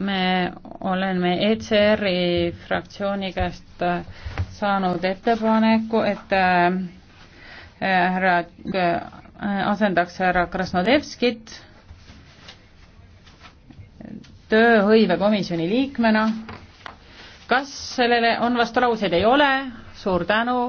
me oleme ECR-i fraktsiooni käest äh, saanud ettepaneku, et äh, äh, härra asendaks härra Krasnodevskit tööhõivekomisjoni liikmena. kas sellele on vastulauseid, ei ole, suur tänu,